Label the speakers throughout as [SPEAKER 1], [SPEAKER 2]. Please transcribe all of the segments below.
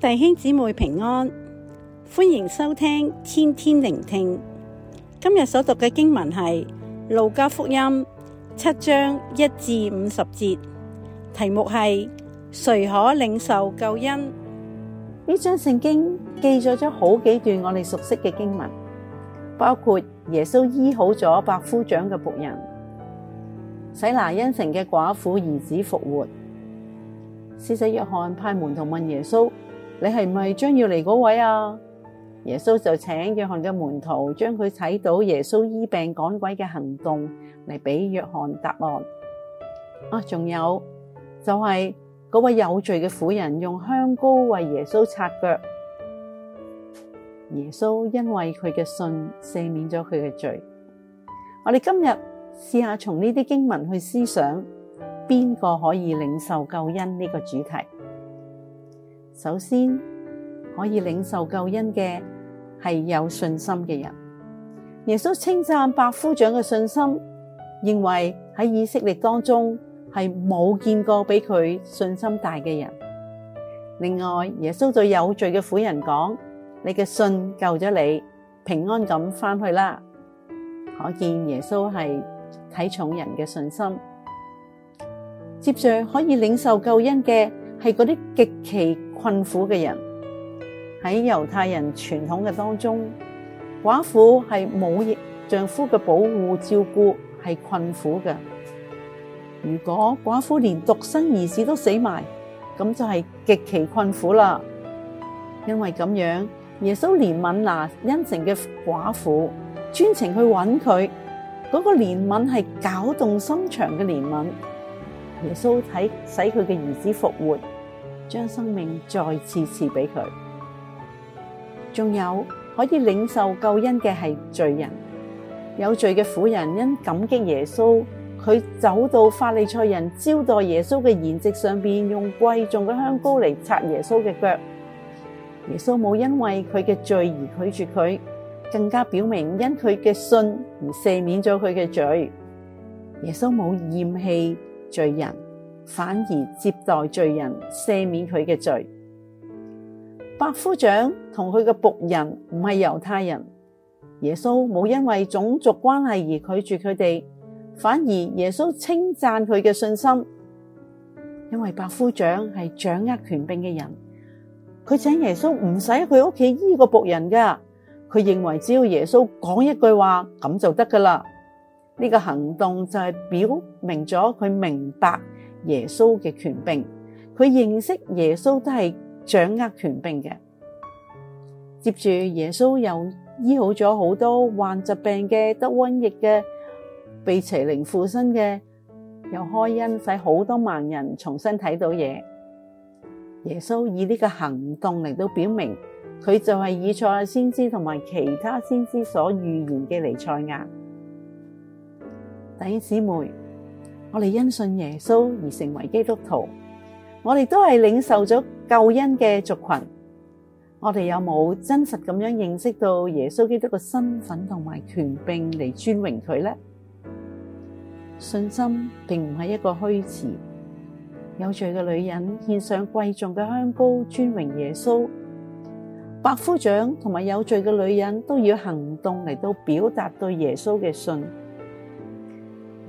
[SPEAKER 1] 弟兄姊妹平安，歡迎收聽天天聆聽。今日所讀嘅經文係路加福音七章一至五十節，題目係誰可領受救恩？呢章聖經記載咗好幾段我哋熟悉嘅經文，包括耶穌醫好咗百夫長嘅僕人，使拿因城嘅寡婦兒子復活，施洗約翰派門徒問，問耶穌。你係咪將要嚟嗰位啊？耶穌就請約翰嘅門徒將佢睇到耶穌醫病趕鬼嘅行動嚟俾約翰答案。啊，仲有，就係嗰位有罪嘅婦人用香膏為耶穌擦腳。耶穌因為佢嘅信赦免咗佢嘅罪。我哋今日試下從呢啲經文去思想，邊個可以領受救恩呢個主題。首先，可以領受救恩嘅係有信心嘅人。耶穌稱讚百夫長嘅信心，認為喺以色列當中係冇見過比佢信心大嘅人。另外，耶穌對有罪嘅婦人講，你嘅信救咗你，平安咁翻去啦。可見耶穌係睇重人嘅信心。接着可以領受救恩嘅，係嗰啲極其困苦嘅人，喺猶太人傳統嘅當中，寡婦係冇丈夫嘅保護照顧，係困苦嘅。如果寡婦連獨生兒子都死埋，咁就係極其困苦啦。因為咁樣，耶穌憐憫拿因城嘅寡婦，專程去揾佢。嗰、嗰個憐憫係搞動心腸嘅憐憫。耶穌睇使佢嘅兒子復活，將生命再次賜俾佢，仲有可以領受救恩嘅係罪人。有罪嘅婦人因感激耶穌，佢走到法利賽人招待耶穌嘅筵席上邊，用貴重嘅香膏嚟擦耶穌嘅腳。耶穌冇因為佢嘅罪而拒絕佢，更加表明因佢嘅信而赦免咗佢嘅罪。耶穌冇厭棄罪人。反而接待罪人，赦免佢嘅罪。百夫長同佢嘅僕人唔係猶太人，耶穌冇因為種族關係而拒絕佢哋，反而耶穌稱讚佢嘅信心，因為百夫長係掌握權柄嘅人，佢請耶穌唔使佢屋企醫呢個僕人噶，佢認為只要耶穌講一句話咁就得噶啦。呢個行動就係表明咗佢明白耶穌嘅權柄，佢認識耶穌都係掌握權柄嘅。接住耶穌又醫好咗好多患疾病嘅、得瘟疫嘅、被邪靈附身嘅，又開恩使好多盲人重新睇到嘢。耶穌以呢個行動嚟到表明，佢就係以賽亞先知同埋其他先知所預言嘅彌賽亞。弟兄姊妹。我哋因信耶穌而成為基督徒，我哋都係領受咗救恩嘅族群。我哋有冇真實咁樣認識到耶穌基督嘅身份同埋權柄嚟尊榮佢呢？信心並唔係一個虛詞。有罪嘅女人獻上貴重嘅香膏尊榮耶穌，百夫長同埋有罪嘅女人都要行動嚟到表達對耶穌嘅信。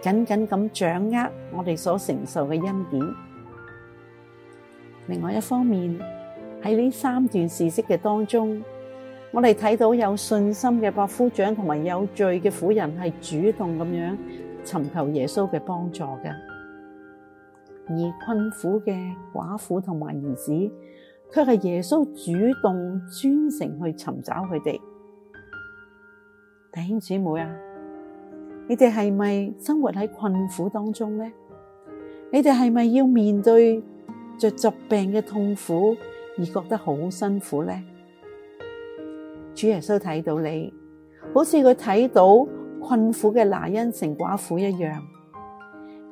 [SPEAKER 1] 緊緊咁掌握我哋所承受嘅恩典。另外一方面，喺呢三段事跡嘅當中，我哋睇到有信心嘅百夫長同埋有罪嘅婦人係主動咁樣尋求耶穌嘅幫助嘅，而困苦嘅寡婦同埋兒子，卻係耶穌主動專程去尋找佢哋。弟兄姊妹啊！你哋係咪生活喺困苦當中呢？你哋係咪要面對着疾病嘅痛苦而覺得好辛苦呢？主耶穌睇到你，好似佢睇到困苦嘅拿因城寡婦一樣。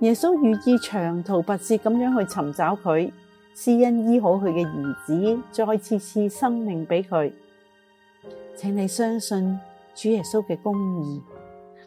[SPEAKER 1] 耶穌願意長途跋涉咁樣去尋找佢，施恩醫好佢嘅兒子，再次賜生命俾佢。請你相信主耶穌嘅公義。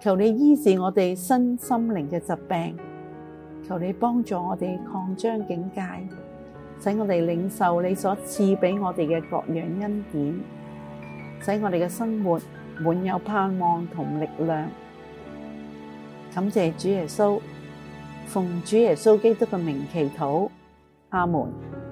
[SPEAKER 1] 求你醫治我哋身心靈嘅疾病，求你幫助我哋擴張境界，使我哋領受你所賜俾我哋嘅各樣恩典，使我哋嘅生活滿有盼望同力量。感謝主耶穌，奉主耶穌基督嘅名祈禱，阿門。